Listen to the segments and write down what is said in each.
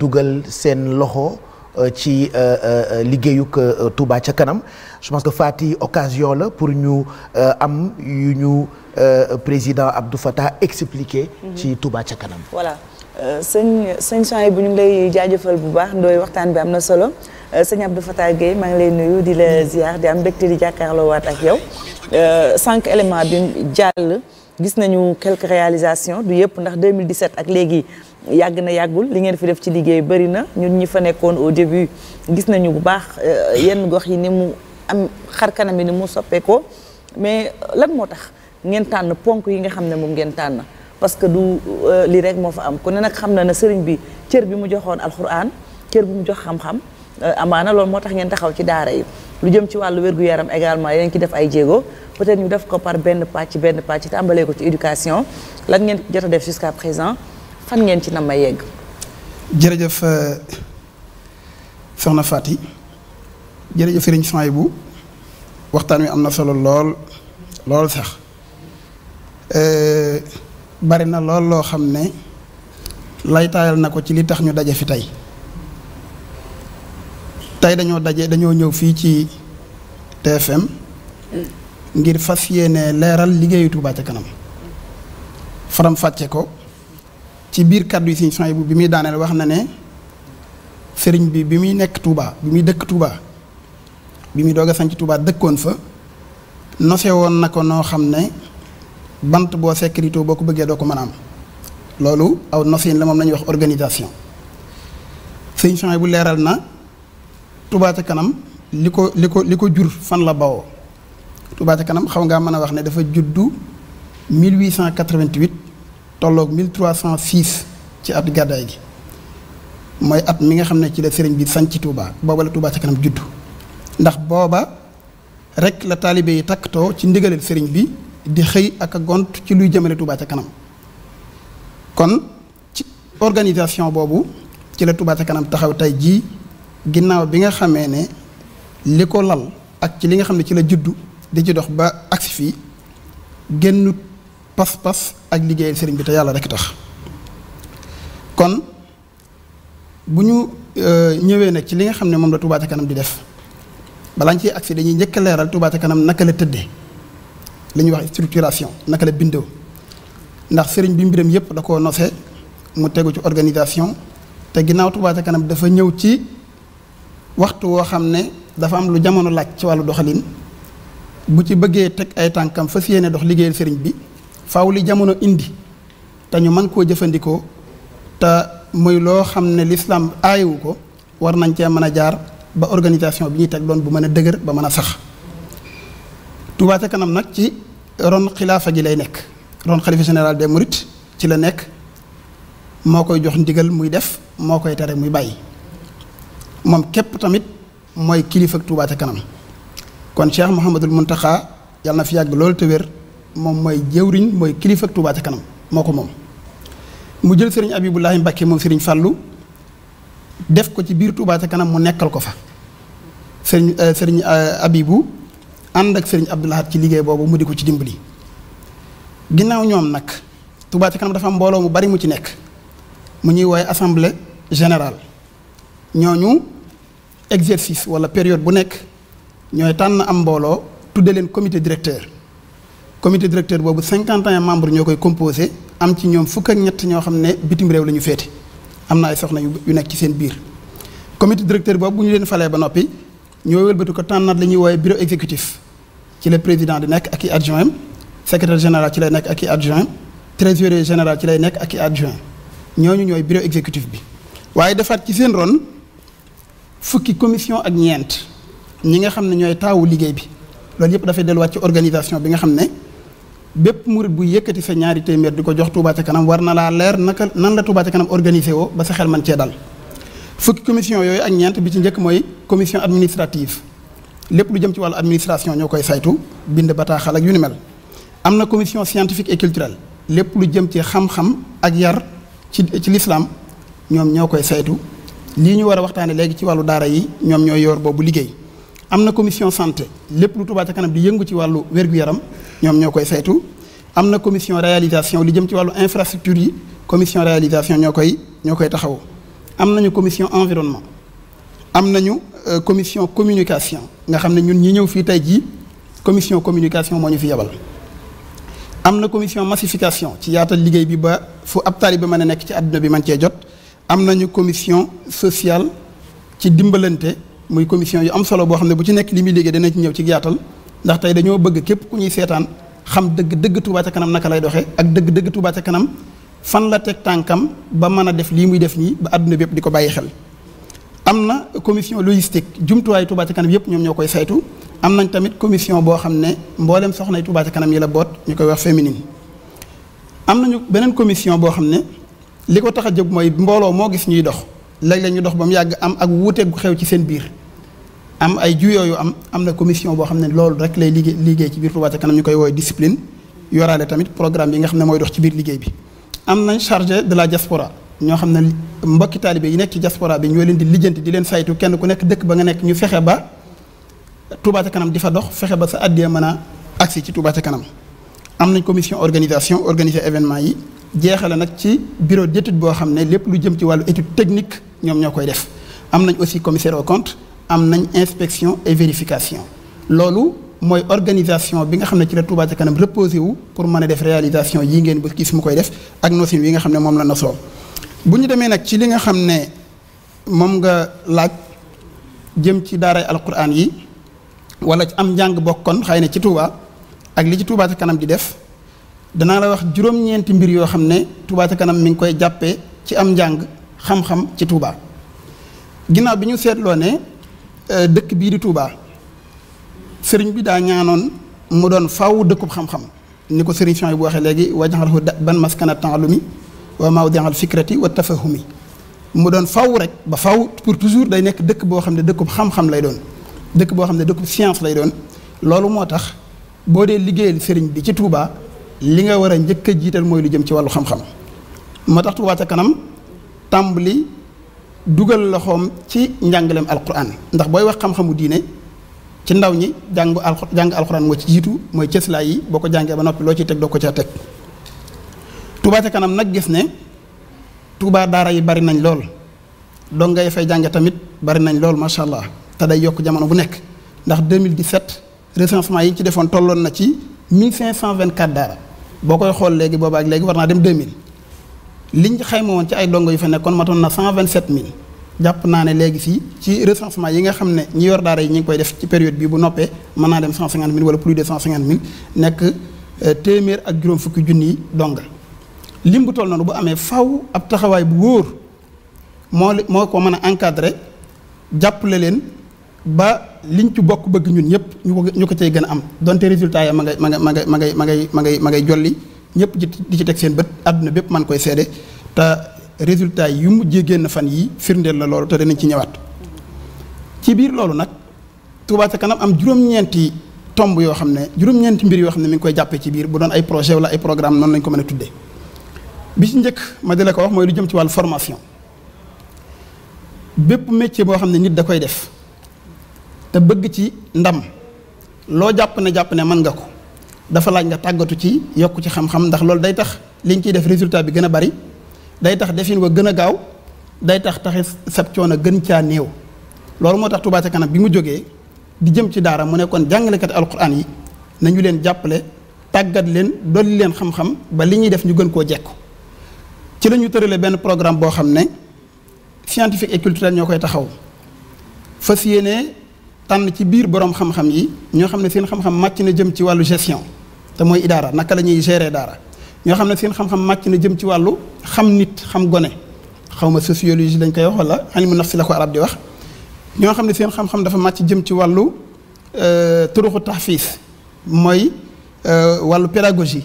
dugal seen loxo euh, ci euh, euh, liggéeyug Touba ca kanam je pense que Fati occasion la pour ñu am yu ñu président Abdou Fattah expliqué. Mhm. ci Touba ca kanam. voilà sëñ sëñ Sonia bu ñu ngi lay jaajëfal bu baax ndooy waxtaan bi am na solo sëñ Abdou Fattah Gueye maa ngi lay nuyu di la mhm. ziar di am mbégte di jàkkaarloo waat ak yow cinq éléments bi jàll gis nañu quelques réalisations du yëpp ndax ak léegi. yàgg na yàggul li ngeen fi def ci liggéey bari na ñun ñi fa nekkoon au début gis nañu bu baax euh, yenn gox yi ni mu am xar kanam yi ni mu soppeekoo mais euh, lan moo tax ngeen tànn ponk yi nga xam ne moom ngeen tànn parce que du euh, lii rek moo fa am ku ne nag xam na ne sëriñ bi cër bi mu joxoon alxuraan cër bi mu jox xam-xam amaana loolu moo tax ngeen taxaw ci daara yi lu jëm ci wàllu wér yaram également yéen ci def ay jéego peut-être ñu def ko par benn pàcc benn pàcc tàmbalee ci éducation lan ngeen jot def jusqu'à présent fan ngeen ci na ma yegg. jërëjëf euh, soxna Faty jërëjëf Serigne Souhaïbou waxtaan wi am na solo lool lool sax euh, bari na lool loo xam ne laytaayal na ko ci li tax ñu daje fi tey tey dañoo daje dañoo ñëw fii ci TFM ngir fas yéene leeral liggéeyu Touba ca kanam faram fàcce ko. ci biir kàddu yi sëñ Souhaïbou bi muy daaneel wax na ne sëriñ bi bi muy nekk Touba bi muy dëkk Touba bi muy doog a sanc Touba dëkkoon fa nose woon na ko noo xam ne bant boo sécurité boo ko bëggee doo ko mën a am loolu aw nosin la moom lañuy wax organisation sëñ Souhaïbou bu leeral na Touba ca kanam li ko li ko li ko jur fan la bawoo Touba ca kanam xaw ngaa mën a wax ne dafa juddu 1888. tolloog 1306 ci at gàddaay gi mooy at mi nga xam ne ci la sëriñ bi sanc Touba booba la Touba ca kanam juddu ndax booba rek la taalibe yi takkatoo ci ndigaleel sëriñ bi di xëy ak a gont ci luy jëmale Touba ca kanam kon ci organisation boobu ci la Touba ca kanam taxaw tey jii ginnaaw bi nga xamee ne li ko lal ak ci li nga xam ne ci la juddu di ci dox ba agsi fii génnut pas-pas ak liggéeyal sëriñ bi te yàlla rek tax kon bu ñu euh, ñëwee nag ci li nga xam ne moom la Touba kanam di def balaa ñu ciy agsi dañuy njëkk a leeral Touba kanam naka la tëddee li ñuy wax structuration naka la bindoo ndax sëriñ bi mbiram yëpp da koo nosee mu tegu ci organisation te ginnaaw Touba ca kanam dafa ñëw ci waxtu woo xam ne dafa am lu jamono laaj ci wàllu doxalin bu ci bëggee teg ay tànkam fas yéene dox liggéeyal sëriñ bi. faaw li jamono indi te ñu mën koo jëfandikoo te muy loo xam ne lislaam aayewu ko war nañ cee mën a jaar ba organisation bi ñuy teg doon bu mën a dëgër ba mën a sax Touba ca kanam nag ci ron xilaafa gi lay nekk ron xalifa général de mourides ci la nekk moo koy jox ndigal muy def moo koy tere muy bàyyi moom képp tamit mooy kilifa ak Touba kanam kon Cheikh Mouhamadul Mountakha yàlla na fi yàgg loolu te wér moom mooy jëwriñ mooy kilifa ak kanam moo ko moom mu jël sëriñ Abibulahi Mbàkke moom sëriñ Fàllu def ko ci biir Touba ca kanam mu nekkal ko fa sëriñ euh, sëriñ euh, Abibu ànd ak sëriñ Abdoulahat ci liggéey boobu mu di ko ci dimbali ginnaaw ñoom nag Touba kanam dafa mbooloo mu bari mu ci nekk mu ñuy wooye assemblée général ñooñu exercice walla période bu nekk ñooy tànn am mbooloo tudde leen comité directeur comité directeur boobu 51 membre ñoo koy composé am ci ñoom fukk ak ñett ñoo xam ne bitim réew la ñu féete am na ay soxna yu nekk ci seen biir comité directeur boobu bu ñu leen falee ba noppi ñoo wëlbatu ko tànnaat la ñuy woowee bureau exécutif ci la président di nekk ak i adjoint am secrétaire général ci lay nekk ak i adjoint am trésorier général ci lay nekk ak i adjoint ñooñu ñooy bureau exécutif bi waaye defaat ci seen ron fukki commission ak ñeent ñi nga xam ne ñooy taawu liggéey bi loolu yëpp dafay delluwaat ci organisation bi nga xam ne bépp murit bu yëkkati sa ñaari téeméer di ko jox Touba ca kanam war na laa leer naka nan la Touba ca kanam organisé ba sa xel man cee dal fukki commission yooyu ak ñeent bi ci njëkk mooy commission administrative lépp lu jëm ci wàllu administration ñoo koy saytu bind bataaxal ak yu ni mel am na commission scientifique et culturelle lépp lu jëm ci xam-xam ak yar ci ci lislaam ñoom ñoo koy saytu lii ñu war a waxtaane léegi ci wàllu daara yi ñoom ñooy yor boobu liggéey am na commission santé lépp lu Touba ca kanam di yëngu ci wàllu wér yaram ñoom ñoo koy saytu am na commission réalisation li jëm ci wàllu infrastructure yi commission réalisation ñoo koy ñoo koy taxaw am nañu commission environnement am nañu euh, commission communication nga xam ne ñun ñi ñëw fii tey jii commission communication moo ñu fi yebal am na commission massification ci yaatal liggéey bi ba fu ab bi mën a nekk ci àdduna bi man cee jot am nañu commission sociale ci dimbalante muy commission yu am solo boo xam ne bu ci nekk li muy liggéey dana ci ñëw ci yaatal ndax tey dañoo bëgg képp ku ñuy seetaan xam dëgg dëgg Touba ca kanam naka lay doxee ak dëgg dëgg Touba ca kanam fan la teg tànkam ba mën a def lii muy def nii ba àdduna bi yëpp di ko bàyyi xel. am na commission logistique jumtuwaayu Touba ca kanam yëpp ñoom ñoo koy saytu am nañ tamit commission boo xam ne mboolem soxnay Touba ca kanam yi la boot ñu koy wax féminine. am nañu beneen commission boo xam ne li ko tax a jóg mooy mbooloo moo gis ñuy dox léeg-léeg ñu dox ba mu yàgg am ak wuuteeg gu xew ci seen biir. am ay juyoo yu am am na commission boo xam ne loolu rek lay liggéey liggéey ci biir Touba ca kanam ñu koy woowee discipline yoraale tamit programme yi nga xam ne mooy dox ci biir liggéey bi am nañ chargé de la diaspora ñoo xam ne mbokki taalibe yi nekk ci diaspora bi ñoo leen di lijjanti di leen saytu kenn ku nekk dëkk ba nga nekk ñu fexe ba Touba kanam di fa dox fexe ba sa àddee mën a agsi ci Touba kanam am nañ commission organisation organiser événement yi jeexale nag ci bureau d'étude boo xam ne lépp lu jëm ci wàllu étude technique ñoom ñoo koy def am nañ aussi commissaire aux am nañ inspection et vérification loolu mooy organisation bi nga xam ne ci la Touba ca kanam reposé wu pour mën a def réalisation yi ngeen bës gis mu koy def ak nosin yi nga xam ne moom la nosoo bu ñu demee nag ci li nga xam ne moom nga laaj jëm ci daaray alquran yi wala ci am njàng bokkoon xay na ci tuubaa ak li ci Touba ca kanam di def danaa la wax juróom-ñeenti mbir yoo xam ne Touba ca kanam mi ngi koy jàppee ci am njàng xam-xam ci tuubaa ginnaaw bi seetloo ne. Euh, dëkk bii di Touba sëriñ bi daa ñaanoon mu doon faw dëkkub xam-xam ni ko sëriñ Cham bu waxee léegi waj'alhu ban maskana ta'allumi wa mawdi'al fikrati wa mi mu doon faw rek ba faw pour toujours day nekk dëkk boo xam ne dëkkub xam-xam lay doon dëkk boo xam ne dëkkub science lay doon loolu moo tax boo dee liggéeyal sëriñ bi ci Touba li nga war a njëkk a jiital mooy lu jëm ci wàllu xam-xam moo tax Touba ca kanam tàmbali. dugal loxoom ci njàngaleem alquran ndax booy wax xam-xamu diine ci ndaw ñi jàng al jàng alquran moo ci jiitu mooy cëslaay yi boo ko jàngee ba noppi loo ciy teg doo ko caa teg. Touba ca kanam nag gis ne Touba daara yi bari nañ lool dong ngay fay jànge tamit bari nañ lool macha allah te day yokk jamono bu nekk ndax 2017 recensement yi ci defoon tolloon na ci 1524 daara boo koy xool léegi boobaak léegi war naa dem 2000. liñ xayma woon ci ay dongo yu fa nekkoon matoon na 127000 jàpp naa ne léegi fii ci recensement yi nga xam ne ñi yor daara yi ñu ngi koy def ci période bi bu noppee mën naa dem 150000 wala plus de 150000 nekk euh, téeméer ak juróom fukki junni yi donga lim bu toll noonu bu amee faw ab taxawaay bu wóor moo moo ko mën a encadrer jàppale leen ba liñ ci bokk bëgg ñun ñëpp ñu ko ñu ko cay gën a am donte résultat ya ma ngay ma ngay ma ngay ma ngay ma ngay ma ngay jolli. ñëpp di ci teg seen bët àdduna bépp man koy seede te résultat yi yu mujjee génn fan yi firndeel la loolu te danañ ci ñëwaat ci biir loolu nag Touba ca kanam am juróom-ñeenti tomb yoo xam ne juróom-ñeenti mbir yoo xam ne mi ngi koy jàppee ci biir bu doon ay projet wala ay programme noonu lañ ko mën a tuddee bi ci njëkk ma di ko wax mooy lu jëm ci wàllu formation bépp métier boo xam ne nit da koy def te bëgg ci ndam loo jàpp ne jàpp ne mën nga ko dafa laaj nga tàggatu ci yokk ci xam-xam ndax loolu day tax liñ nga ciy def résultat bi gën a bari day tax defin wa gën a gaaw day tax taxit sab a gën caa néew loolu moo tax Touba ca kanam bi mu jógee di jëm ci daara mu nekkoon kon jàngalekati alquran yi nañu leen jàppale tàggat leen dolli leen xam-xam ba li ñuy def ñu gën koo jekku ci la ñu tërale benn programme boo xam ne scientifique et culturel ñoo koy taxaw fas yéene tànn ci biir borom xam-xam yi ñoo xam ne seen xam-xam na jëm ci wàllu gestion te mooy idaara naka la ñuy gérer daara ñoo xam ne seen xam-xam màcc na jëm ci wàllu xam nit xam gone xaw ma sociologie lañ koy wax wala la ko arab di wax ñoo xam ne seen xam-xam dafa màcc jëm ci wàllu euh, turuxu tahfiis mooy euh, wàllu pédagogie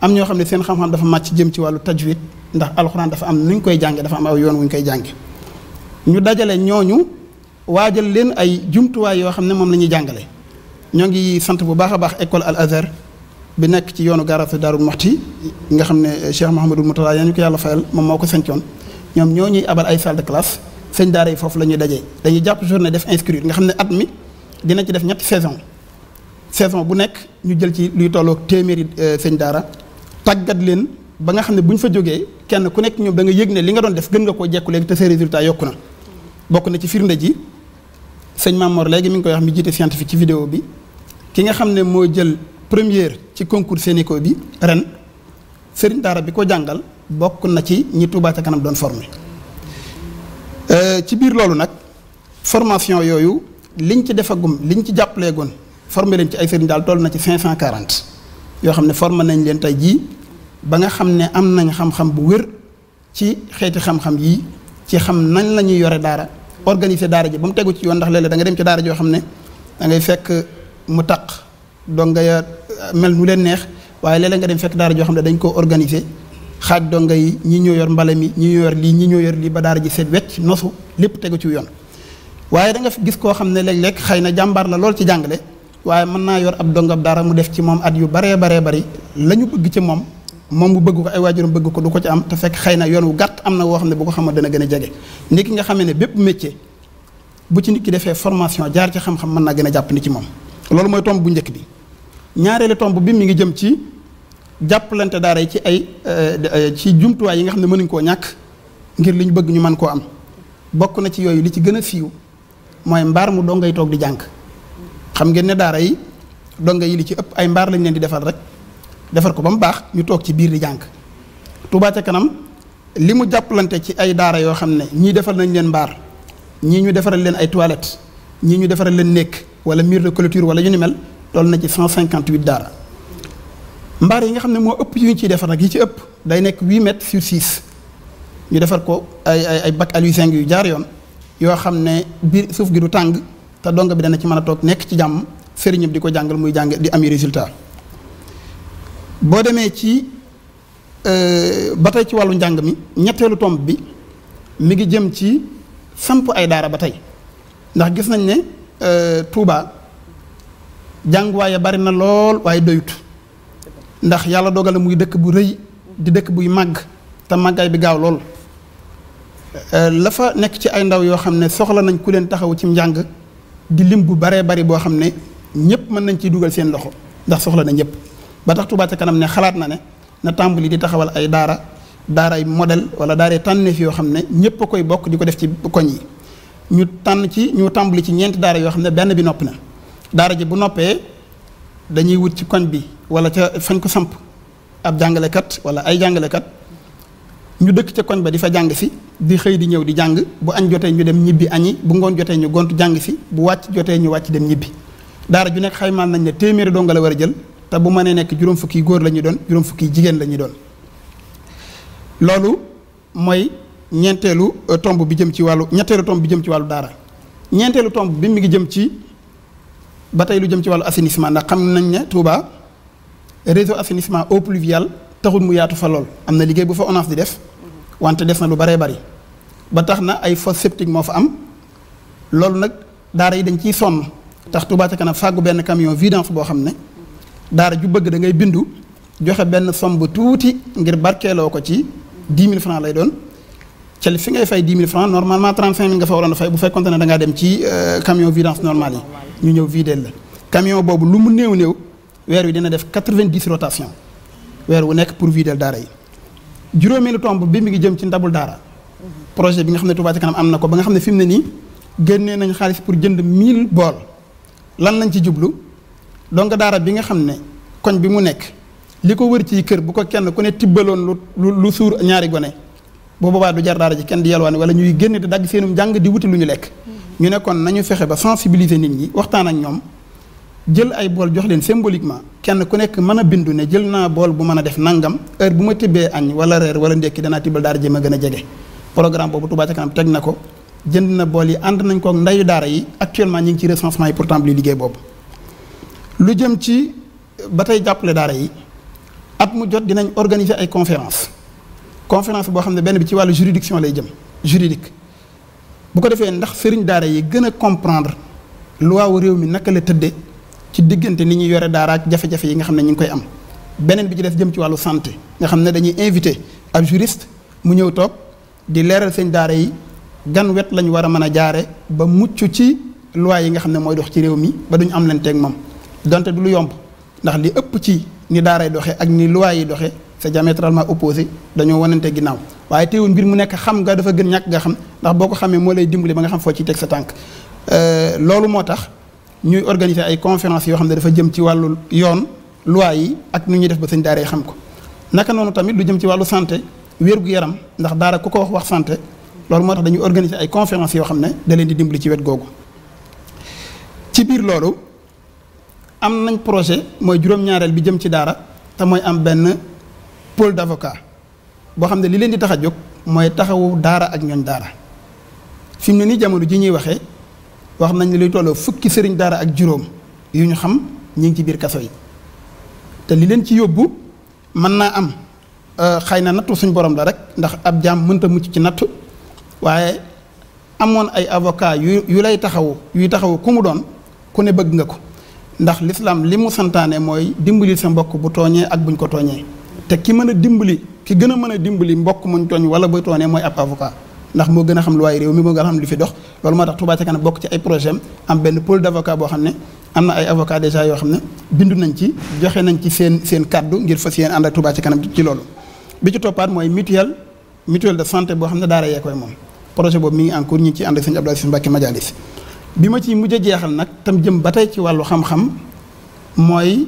am ñoo xam ne seen xam dafa màcc jëm ci wàllu tajwid ndax alxuraan dafa am nuñ koy jànge dafa am aw yoon wuñ koy jànge ñu dajale ñooñu waajal leen ay jumtuwaay yoo xam ne moom la ñuy jàngale ñoo ngi sant bu baax a baax école al azhar bi nekk ci yoonu garage Daaru Muxti nga xam ne Cheikh Mouhamadul Moutala yaa ñu ko yàlla fayal moom moo ko sancoon ñoom ñoo ñuy abal ay salle de classe sëñ daara yi foofu la ñuy dajee dañuy jàpp journée def inscrire nga xam ne at mi dina ci def ñetti saison saison bu nekk ñu jël ci luy tolloog téeméeri euh, sëñ daara tàggat leen ba nga xam ne bu ñu fa jógee kenn ku nekk ñoom da nga yëg ne li nga doon def gën nga koo jekku léegi te ses résultats yokku na bokk na ci firnde ji sëñ Mamor léegi mi ngi koy wax mi jiite scientifique ci vidéo bi ki nga xam ne moo jël première ci concours Sénico bi ren sëriñ daara bi ko jàngal bokk na ci ñi Touba ca kanam doon formé euh, ci biir loolu nag formation yooyu liñ ci defagum liñ ci jàppalee jàppaleegoon forme leen ci ay sëriñ daal toll na ci cent 540 yoo xam ne formé nañ leen tey jii ba nga xam ne am na xam-xam bu wér ci xeeti xam-xam yii ci xam nañ la ñuy yore daara organiser daara ji ba mu tegu ci yoon ndax léeg-léeg da dem ci daara joo xam ne dangay fekk mu taq. donga ya mel nu leen neex waaye léeg nga dem fekk daara joo xam ne dañ koo organiser xaaj donga yi ñi ñoo yor mbale mi ñi yor lii ñi ñoo yor lii ba daara ji seet wecc nosu lépp tegu ci yoon waaye da nga gis koo xam ne léeg-léeg xëy na jàmbaar la lool ci jàngale waaye mën naa yor ab dongab daara mu def ci moom at yu baree baree bari la ñu bëgg ci moom moom mu bëgg ko ay waajuram bëgg ko du ko ci am te fekk xëy na yoon wu gàtt am na woo xam ne bu ko xamoon dana gën a jege nit ki nga xamee ne bépp métier bu ci nit ki defee formation jaar ci xam mën naa gën a jàpp ni ci moom loolu mooy tomb bu njëkk bi ñaareelu tomb bi mi ngi jëm ci jàppalante daara yi ci ay euh, ci jumtuwaay yi nga xam ne mënuñ koo ñàkk ngir li ñu bëgg ñu man koo am bokk na ci yooyu li ci gën a siiw mooy mbaar mu dongay toog di jàng xam ngeen ne daara yi donga yi li ci ëpp ay mbaar lañ leen di defar rek defar ko ba mu baax ñu toog ci biir di jàng Touba ca kanam li mu jàppalante ci ay daara yoo xam ne ñii defar nañ leen mbaar ñii ñu defaral leen ay toilettes ñii ñu defaral leen néeg wala mur de clôture wala yu ni mel loolu na ci 158 daara mbaar yi nga xam ne moo ëpp yu ñu ciy defar nag yi ci ëpp day nekk 8 mètres sur ñu defar ko ay ay ay jaar yoon yoo xam ne biir suuf gi du tàng te donga bi dana ci mën a toog nekk ci jàmm sëriñam di ko jàngal muy jàng di am résultat boo demee ci euh, ba tey ci wàllu njàng mi ñetteelu tomb bi mi ngi jëm ci samp ay daara ba tey ndax gis nañ ne. Euh, Touba jànguwaay bari na lool waaye doyut ndax yàlla dogal na muy dëkk bu rëy di dëkk buy màgg te màggaay bi gaaw lool euh, lafa nekk ci ay ndaw yoo xam ne soxla nañ ku leen taxaw ci njàng di lim bu baree bari boo xam ne ñëpp mën nañ ciy dugal seen loxo ndax soxla na ñëpp ba tax Touba ca kanam ne xalaat na ne na tàmbali di taxawal ay daara daara daaray modèle wala daaray tànneef yoo xam ne ñëpp a koy bokk di ko def ci koñ yi. ñu tànn ci ñu tàmbali ci ñeenti daara yoo xam ne benn bi nopp na daara ji bu noppee dañuy wut ci koñ bi wala ca fañ ko samp ab jàngalekat wala ay jàngalekat ñu dëkk ca koñ ba di fa jàng si di xëy di ñëw di jàng bu añ jotee ñu dem ñibbi añi bu ngoon jotee ñu gont jàng si bu wàcc jotee ñu wàcc dem ñibbi daara ju nekk xaymaal nañ ne téeméeri donga war a jël te bu mënee nekk juróom fukki góor la ñuy doon juróom fukki jigéen lañuy doon loolu mooy ñeenteelu euh, tomb bi jëm ci wàllu ñetteelu tomb bi jëm ci wàllu daara ñeenteelu tomb bi mi ngi jëm ci ba tey lu jëm ci wàllu assainissement ndax xam nañ ne Touba réseau assainissement eau pluviale taxul mu yaatu fa lool am na liggéey bu fa ONAS di def wante def na lu baree bari ba tax na ay fosse septique moo fa am loolu nag daara yi dañ ciy sonn tax Touba ca kanam fàggu benn camion vidange boo xam ne daara ju bëgg da ngay bindu joxe benn somme bu tuuti ngir barkeeloo ko ci 10 000 francs lay doon. ca fi ngay fay 10 000 francs normalement 35 000 nga fa waroon a fay bu fekkonte ne da dem ci euh, camion vidange normal yi ñu ñëw videel la camion boobu lu mu néew néew weer wi dina def 90 rotation weer wu nekk pour videel daara yi juróomeelu tomb bi mi ngi jëm ci ndabul daara projet bi nga xam ne Touba ca kanam am na ko ba nga xam ne fi mu ne nii génnee nañ xaalis pour jënd 1000 bool lan lañ ci jublu donc daara bi nga xam ne koñ bi mu nekk li ko wër ci kër bu ko kenn ku ne tibbaloon lu lu suur ñaari gone bu boobaa du jar daara ji kenn di yelwaani wala ñuy génn di dagg seenum njàng di wuti lu ñu lekk ñu ne nañu fexe ba sensibiliser nit ñi waxtaan ak ñoom jël ay bool jox leen symboliquement kenn ku nekk mën a bindu ne jël naa bool bu mën a def nangam heure bu ma tibbee añ wala reer wala ndekki danaa tibbal daara ji a gën a jege programme boobu Touba ca kanam teg na ko jënd na bool yi ànd nañ ko ak ndeyu daara yi actuellement ñu ngi ci recensement yi pour tàmbali liggéey boobu jëm ci ba tey jàppale daara yi at mu jot dinañ organiser ay conférence conférence boo xam ne benn bi ci wàllu juridiction lay jëm juridique bu ko defee ndax sëriñ daara yi gën a comprendre loi wu réew mi naka la tëddee ci diggante ni ñuy yore daara ak jafe-jafe yi nga xam ne ñu ngi koy am beneen bi ci def jëm ci wàllu santé nga xam ne dañuy invité ab juriste mu ñëw toog di leeral sëñ daara yi gan wet lañu war a mën a jaare ba mucc ci luwaay yi nga xam ne mooy dox ci réew mi ba duñ am leen teeg moom donte du lu yomb ndax li ëpp ci ni daara yi doxee ak ni loi yi doxee c'est diamétralement opposé dañoo wanante ginnaaw waaye te teewul mbir mu nekk xam nga dafa gën ñàkk nga xam ndax boo ko xamee moo lay dimbali ba nga xam foo ciy teg sa tànk euh, loolu moo tax ñuy organiser ay conférence yoo xam ne dafa jëm ci wàllu yoon loi yi ak nu ñuy def ba sëñ daara xam ko naka noonu tamit lu jëm ci wàllu santé wér yaram ndax daara ku ko wax wax santé loolu moo tax dañuy organiser ay conférence yoo xam ne da leen di dimbali ci wet googu ci biir loolu am nañ projet mooy juróom-ñaareel bi jëm ci daara te mooy am benn pôle d'avocat boo xam ne li leen di tax a jóg mooy taxawu daara ak ñooñ daara fi ne nii jamono ji ñuy waxee wax nañ ne luy tolloo fukki sëriñ daara ak juróom yu ñu xam ñu ngi ci biir kaso yi te li leen ci yóbbu mën naa am euh, xëy na nattu suñ borom la rek ndax ab jaam mënta mucc ci nattu waaye amoon ay avocat yu yu lay taxawu yuy taxawu ku mu doon ku ne bëgg nga ko ndax lislaam li mu santaane mooy dimbali sa mbokk bu tooñee ak buñ ko tooñee te ki mën a dimbali ki gën a mën a dimbali mbokk muñ tooñ wala ba tooñee mooy ab avocat ndax moo gën a xam lu waay réew mi moo gën a xam lu fi dox loolu moo tax Touba ca kanam bokk ci ay projet am benn pôle d' avocat ne am na ay avocat yoo xam ne bindu nañ ci joxe nañ ci seen seen kàddu ngir fas yéen ànd ak Touba ca ci loolu bi ci toppaat mooy mutuelle mutuelle de santé boo xam ne daara yee koy moom projet boobu mi ngi en cours ñi ngi ciy ànd ak sëñ Abdoulaye bi ma ci mujj a jeexal nag tam jëm ba tey ci wàllu xam-xam mooy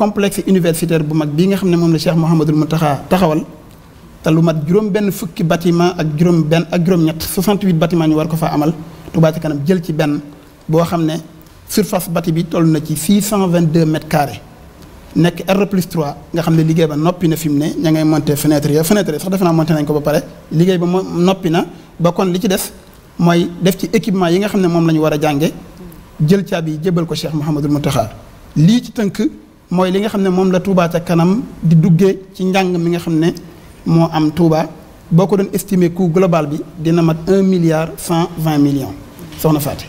complexe universitaire bu mag bii nga xam ne moom la Cheikh Mouhamadul Mountakha taxawal te lu mat juróom-benn fukki bâtiment ak juróom-benn ak juróom-ñett 68 bâtiment ñu war ko fa amal Touba Ca Kanam jël ci benn boo xam ne surface bâti bi toll na ci 622 mètres carrés nekk R plus 3 nga xam ne liggéey ba noppi na fi mu ne ña ngay monté fenêtre ya fenêtre sax defe naa monté ko ba pare liggéey ba moom noppi na ba kon li ci des mooy def ci équipement yi nga xam ne moom la ñu war a jànge jël caabi yi jébal ko Cheikh Mouhamadul Mountakha lii ci tënk. mooy li nga xam ne moom la Touba ca kanam di duggee ci njàng mi nga xam ne moo am Touba boo ko doon estimer coût global bi dina mat un milliard cent vingt million soxna Faati.